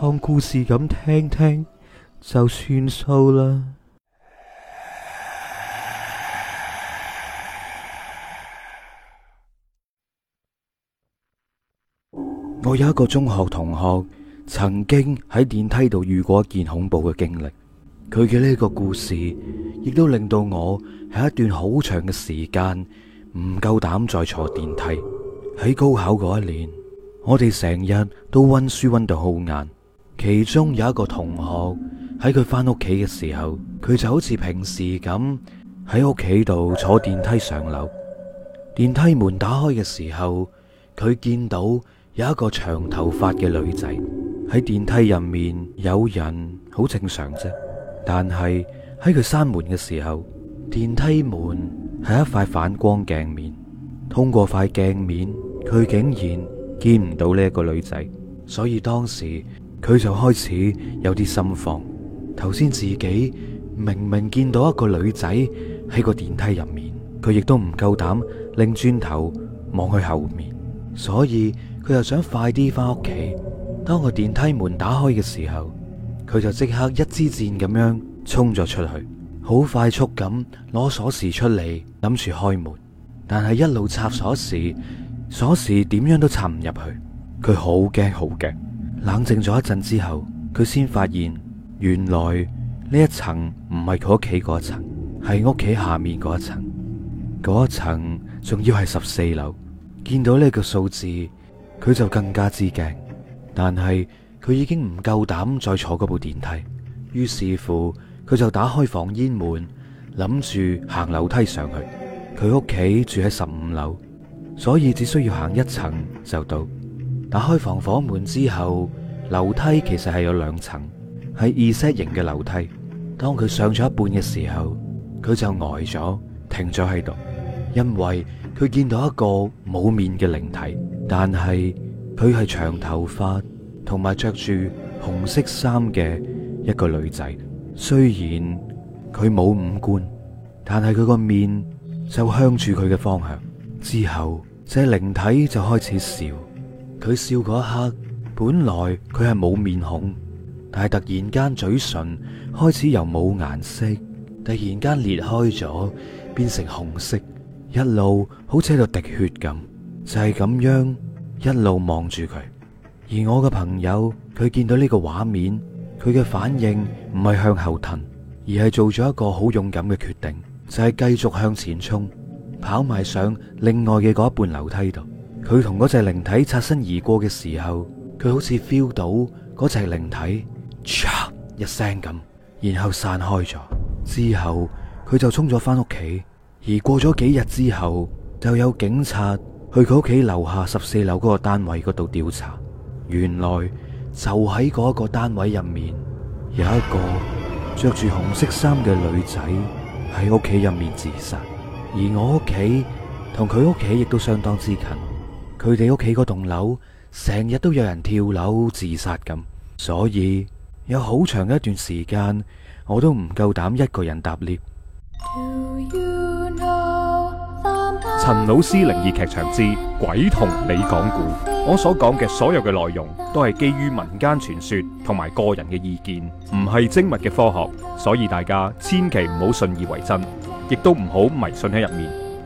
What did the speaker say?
當故事咁聽聽就算數啦。我有一個中學同學，曾經喺電梯度遇過一件恐怖嘅經歷。佢嘅呢個故事，亦都令到我喺一段好長嘅時間唔夠膽再坐電梯。喺高考嗰一年，我哋成日都溫書溫到好晏。其中有一個同學喺佢返屋企嘅時候，佢就好似平時咁喺屋企度坐電梯上樓。電梯門打開嘅時候，佢見到有一個長頭髮嘅女仔喺電梯入面有人，好正常啫。但係喺佢閂門嘅時候，電梯門係一塊反光鏡面，通過塊鏡面，佢竟然見唔到呢一個女仔，所以當時。佢就開始有啲心慌，頭先自己明明見到一個女仔喺個電梯入面，佢亦都唔夠膽擰轉頭望去後面，所以佢又想快啲翻屋企。當個電梯門打開嘅時候，佢就即刻一支箭咁樣衝咗出去，好快速咁攞鎖匙出嚟諗住開門，但係一路插鎖匙，鎖匙點樣都插唔入去，佢好驚好驚。冷靜咗一陣之後，佢先發現原來呢一層唔係佢屋企嗰一層，係屋企下面嗰一層。嗰一層仲要係十四樓，見到呢個數字，佢就更加之驚。但係佢已經唔夠膽再坐嗰部電梯，於是乎佢就打開房煙門，諗住行樓梯上去。佢屋企住喺十五樓，所以只需要行一層就到。打開防火門之後，樓梯其實係有兩層，係 Z 字型嘅樓梯。當佢上咗一半嘅時候，佢就呆咗，停咗喺度，因為佢見到一個冇面嘅靈體，但係佢係長頭髮同埋着住紅色衫嘅一個女仔。雖然佢冇五官，但係佢個面就向住佢嘅方向。之後，這靈體就開始笑。佢笑嗰一刻，本來佢係冇面孔，但係突然間嘴唇開始由冇顏色，突然間裂開咗，變成紅色，一路好似喺度滴血咁，就係咁樣一路望住佢。而我嘅朋友，佢見到呢個畫面，佢嘅反應唔係向後褪，而係做咗一個好勇敢嘅決定，就係繼續向前衝，跑埋上另外嘅嗰一半樓梯度。佢同嗰隻靈體擦身而過嘅時候，佢好似 feel 到嗰隻靈體，嚓一聲咁，然後散開咗。之後佢就衝咗翻屋企，而過咗幾日之後，就有警察去佢屋企樓下十四樓嗰個單位嗰度調查。原來就喺嗰個單位入面有一個着住紅色衫嘅女仔喺屋企入面自殺。而我屋企同佢屋企亦都相當之近。佢哋屋企嗰棟樓成日都有人跳樓自殺咁，所以有好長一段時間，我都唔夠膽一個人搭 lift。陳老師靈異劇場之鬼同你講故，我所講嘅所有嘅內容都係基於民間傳說同埋個人嘅意見，唔係精密嘅科學，所以大家千祈唔好信以為真，亦都唔好迷信喺入面。